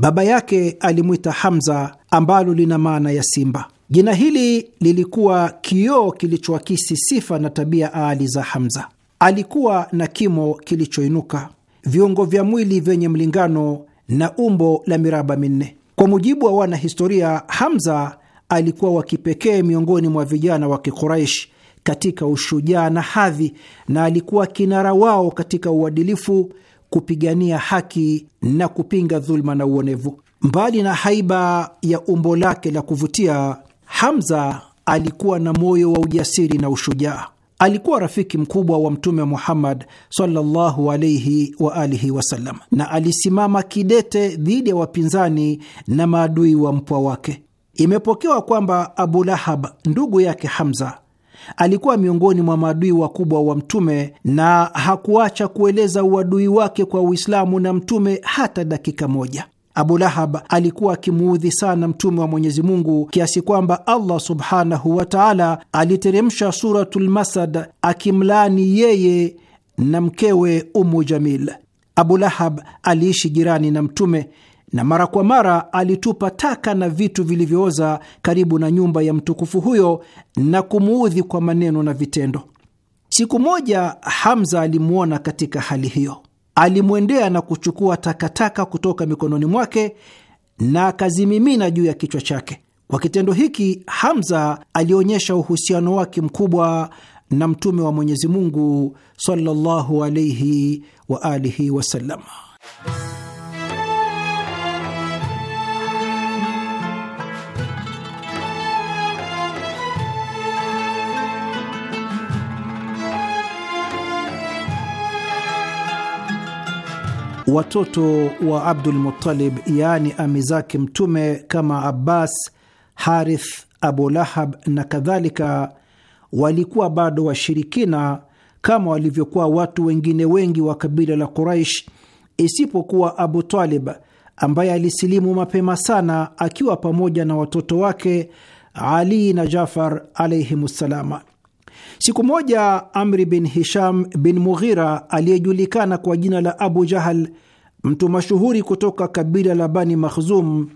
Baba yake alimwita Hamza, ambalo lina maana ya simba. Jina hili lilikuwa kioo kilichoakisi sifa na tabia aali za Hamza. Alikuwa na kimo kilichoinuka, viungo vya mwili vyenye mlingano na umbo la miraba minne. Kwa mujibu wa wanahistoria, Hamza alikuwa wa kipekee miongoni mwa vijana wa kikuraish katika ushujaa na hadhi, na alikuwa kinara wao katika uadilifu kupigania haki na kupinga dhuluma na uonevu. Mbali na haiba ya umbo lake la kuvutia, Hamza alikuwa na moyo wa ujasiri na ushujaa. Alikuwa rafiki mkubwa wa Mtume Muhammad sallallahu alaihi wa alihi wasallam, na alisimama kidete dhidi ya wapinzani na maadui wa mpwa wake. Imepokewa kwamba Abu Lahab, ndugu yake Hamza, Alikuwa miongoni mwa maadui wakubwa wa Mtume na hakuacha kueleza uadui wake kwa Uislamu na Mtume hata dakika moja. Abu Lahab alikuwa akimuudhi sana Mtume wa Mwenyezi Mungu kiasi kwamba Allah subhanahu wa taala aliteremsha Suratul Masad akimlaani yeye na mkewe Umu Jamil. Abu Lahab aliishi jirani na Mtume na mara kwa mara alitupa taka na vitu vilivyooza karibu na nyumba ya mtukufu huyo na kumuudhi kwa maneno na vitendo. Siku moja Hamza alimwona katika hali hiyo, alimwendea na kuchukua takataka kutoka mikononi mwake na akazimimina juu ya kichwa chake. Kwa kitendo hiki, Hamza alionyesha uhusiano wake mkubwa na Mtume wa Mwenyezi Mungu sallallahu alaihi wa alihi wasallam. watoto wa Abdul Muttalib, yaani ami zake Mtume kama Abbas, Harith, Abu Lahab na kadhalika, walikuwa bado washirikina kama walivyokuwa watu wengine wengi wa kabila la Quraish, isipokuwa Abu Talib ambaye alisilimu mapema sana akiwa pamoja na watoto wake Ali na Jafar ssalama. Siku moja Amri bin Hisham bin Mughira aliyejulikana kwa jina la Abu Jahal, mtu mashuhuri kutoka kabila la Bani Makhzum,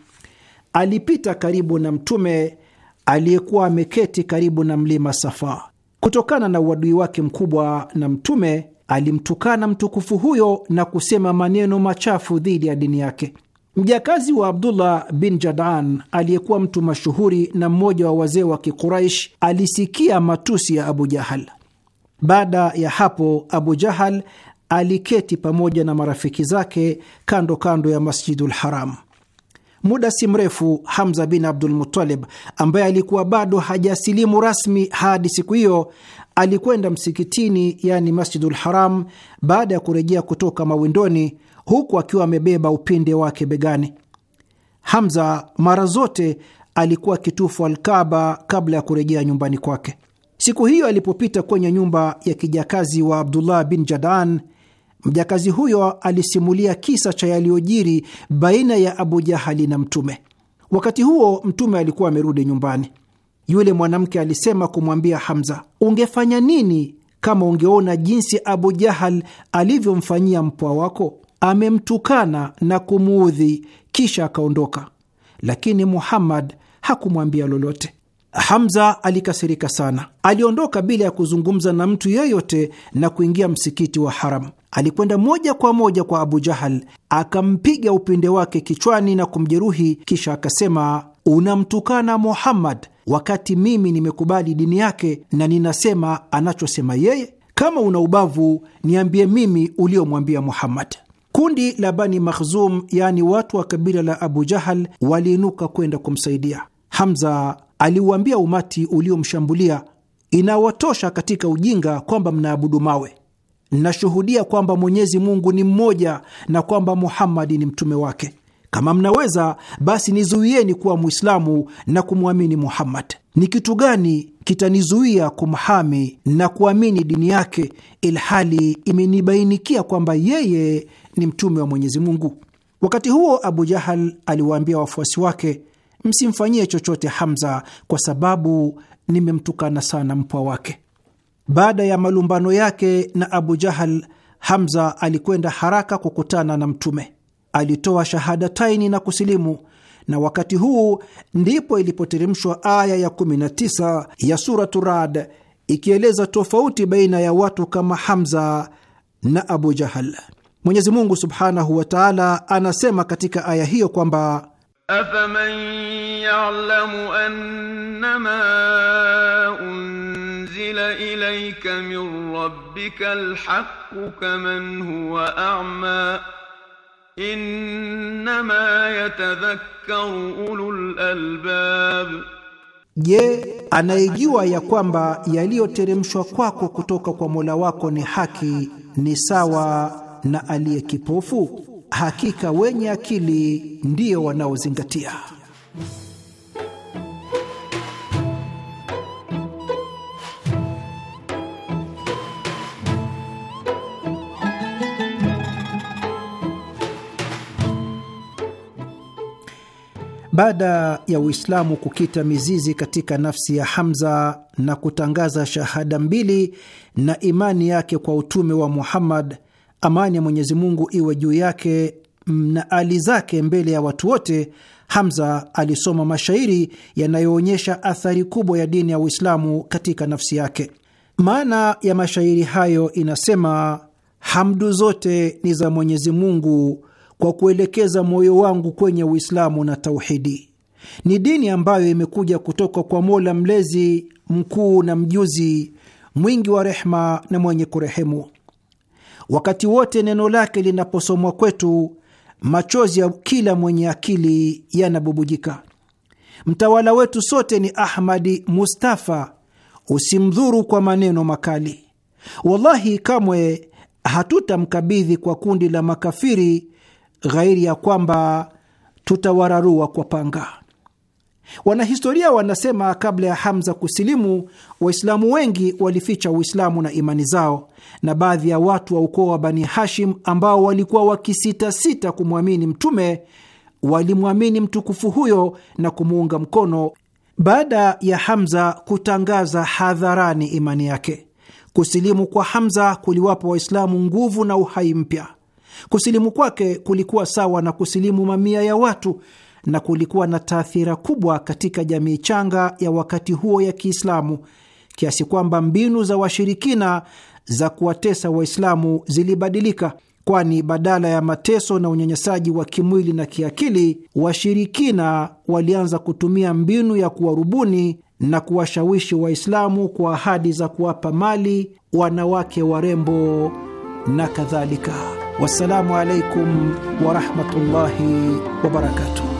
alipita karibu na Mtume aliyekuwa ameketi karibu na mlima Safa. Kutokana na uadui wake mkubwa na Mtume, alimtukana mtukufu huyo na kusema maneno machafu dhidi ya dini yake. Mjakazi wa Abdullah bin Jadan aliyekuwa mtu mashuhuri na mmoja wa wazee wa Kiquraish alisikia matusi ya Abu Jahal. Baada ya hapo, Abu Jahal aliketi pamoja na marafiki zake kando kando ya Masjidul Haram. Muda si mrefu Hamza bin Abdul Muttalib ambaye alikuwa bado hajasilimu rasmi hadi siku hiyo alikwenda msikitini, yani Masjidul Haram, baada ya kurejea kutoka mawindoni huku akiwa amebeba upinde wake begani. Hamza mara zote alikuwa akitufu Alkaba kabla ya kurejea nyumbani kwake. Siku hiyo alipopita kwenye nyumba ya kijakazi wa Abdullah bin Jadan, mjakazi huyo alisimulia kisa cha yaliyojiri baina ya Abu Jahali na Mtume. Wakati huo Mtume alikuwa amerudi nyumbani. Yule mwanamke alisema kumwambia Hamza, ungefanya nini kama ungeona jinsi Abu Jahal alivyomfanyia mpwa wako? amemtukana na kumuudhi, kisha akaondoka, lakini Muhammad hakumwambia lolote. Hamza alikasirika sana. Aliondoka bila ya kuzungumza na mtu yeyote na kuingia msikiti wa Haram. Alikwenda moja kwa moja kwa Abu Jahal, akampiga upinde wake kichwani na kumjeruhi, kisha akasema, unamtukana Muhammad wakati mimi nimekubali dini yake na ninasema anachosema yeye. Kama una ubavu niambie mimi uliomwambia Muhammad. Kundi la Bani Makhzum, yaani watu wa kabila la Abu Jahal, waliinuka kwenda kumsaidia Hamza. Aliuambia umati uliomshambulia, inawatosha katika ujinga kwamba mnaabudu mawe. Nashuhudia kwamba Mwenyezi Mungu ni mmoja na kwamba Muhammadi ni mtume wake. Kama mnaweza basi nizuieni kuwa Mwislamu na kumwamini Muhammad. Ni kitu gani kitanizuia kumhami na kuamini dini yake, ilhali imenibainikia kwamba yeye ni mtume wa Mwenyezi Mungu. Wakati huo, Abu Jahal aliwaambia wafuasi wake, msimfanyie chochote Hamza kwa sababu nimemtukana sana mpwa wake. Baada ya malumbano yake na Abu Jahal, Hamza alikwenda haraka kukutana na Mtume. Alitoa shahadataini na kusilimu, na wakati huu ndipo ilipoteremshwa aya ya 19 ya Suratu Rad ikieleza tofauti baina ya watu kama Hamza na Abu Jahal. Mwenyezi Mungu subhanahu wa taala anasema katika aya hiyo kwamba afaman ya'lamu annama unzila ilayka min rabbika alhaqqu kaman huwa a'ma innama yatadhakkaru ulul albab Je, anayejua ya kwamba yaliyoteremshwa kwako kutoka kwa Mola wako ni haki ni sawa na aliye kipofu, hakika wenye akili ndio wanaozingatia. Baada ya Uislamu kukita mizizi katika nafsi ya Hamza na kutangaza shahada mbili na imani yake kwa utume wa Muhammad, amani ya Mwenyezi Mungu iwe juu yake na ali zake mbele ya watu wote, Hamza alisoma mashairi yanayoonyesha athari kubwa ya dini ya Uislamu katika nafsi yake. Maana ya mashairi hayo inasema: hamdu zote ni za Mwenyezi Mungu kwa kuelekeza moyo wangu kwenye Uislamu na tauhidi. Ni dini ambayo imekuja kutoka kwa Mola mlezi mkuu na mjuzi, mwingi wa rehma na mwenye kurehemu Wakati wote neno lake linaposomwa kwetu, machozi ya kila mwenye akili yanabubujika. Mtawala wetu sote ni Ahmadi Mustafa, usimdhuru kwa maneno makali. Wallahi, kamwe hatutamkabidhi kwa kundi la makafiri, ghairi ya kwamba tutawararua kwa panga. Wanahistoria wanasema kabla ya Hamza kusilimu, Waislamu wengi walificha Uislamu na imani zao, na baadhi ya watu wa ukoo wa Bani Hashim ambao walikuwa wakisitasita kumwamini Mtume walimwamini mtukufu huyo na kumuunga mkono baada ya Hamza kutangaza hadharani imani yake. Kusilimu kwa Hamza kuliwapa Waislamu nguvu na uhai mpya. Kusilimu kwake kulikuwa sawa na kusilimu mamia ya watu na kulikuwa na taathira kubwa katika jamii changa ya wakati huo ya Kiislamu kiasi kwamba mbinu za washirikina za kuwatesa Waislamu zilibadilika, kwani badala ya mateso na unyanyasaji wa kimwili na kiakili, washirikina walianza kutumia mbinu ya kuwarubuni na kuwashawishi Waislamu kwa ahadi za kuwapa mali, wanawake warembo na kadhalika. Wassalamu alaikum warahmatullahi wabarakatuh.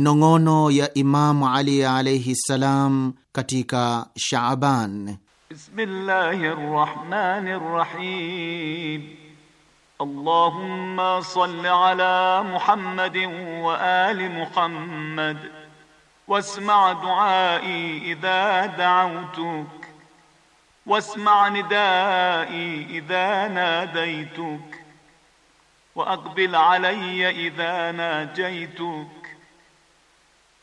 minong'ono ya Imamu Ali alaihi ssalam katika Shaaban. Bismillahi rahmani rahim. Allahumma salli ala Muhammadin wa ali Muhammad wasma duai idha dautuk واسمع ندائي إذا ناديتك وأقبل علي إذا ناجيتك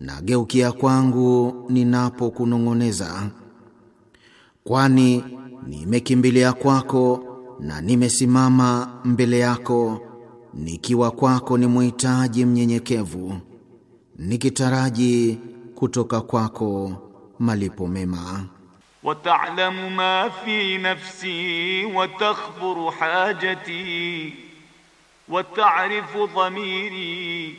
na geukia kwangu ninapokunong'oneza, kwani nimekimbilia kwako na nimesimama mbele yako nikiwa kwako ni muhitaji mnyenyekevu, nikitaraji kutoka kwako malipo mema. wataalamu ma fi nafsi wa hajati wa dhamiri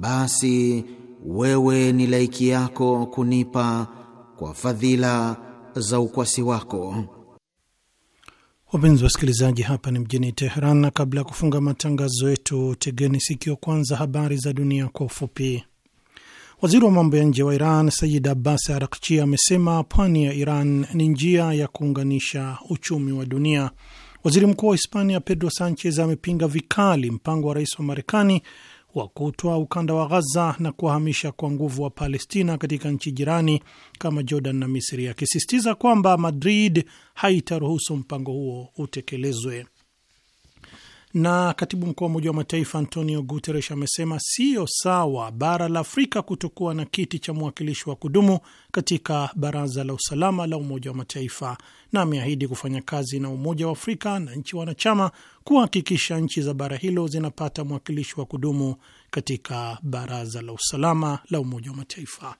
basi wewe ni laiki yako kunipa kwa fadhila za ukwasi wako. Wapenzi wasikilizaji, hapa ni mjini Teheran, na kabla ya kufunga matangazo yetu, tegeni sikio kwanza habari za dunia kwa ufupi. Waziri wa mambo ya nje wa Iran Sayid Abbas Arakchi amesema pwani ya Iran ni njia ya kuunganisha uchumi wa dunia. Waziri mkuu wa Hispania Pedro Sanchez amepinga vikali mpango wa rais wa Marekani wa kutoa ukanda wa Ghaza na kuwahamisha kwa nguvu wa Palestina katika nchi jirani kama Jordan na Misri, akisisitiza kwamba Madrid haitaruhusu mpango huo utekelezwe. Na katibu mkuu wa Umoja wa Mataifa Antonio Guterres amesema siyo sawa bara la Afrika kutokuwa na kiti cha mwakilishi wa kudumu katika Baraza la Usalama la Umoja wa Mataifa, na ameahidi kufanya kazi na Umoja wa Afrika na nchi wanachama kuhakikisha nchi za bara hilo zinapata mwakilishi wa kudumu katika Baraza la Usalama la Umoja wa Mataifa.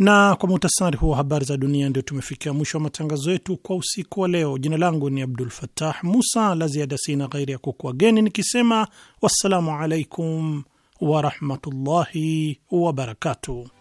Na kwa muhtasari huo habari za dunia, ndio tumefikia mwisho wa matangazo yetu kwa usiku wa leo. Jina langu ni Abdul Fattah Musa. La ziada sina ghairi ya kukuageni nikisema wassalamu alaikum warahmatullahi wabarakatuh.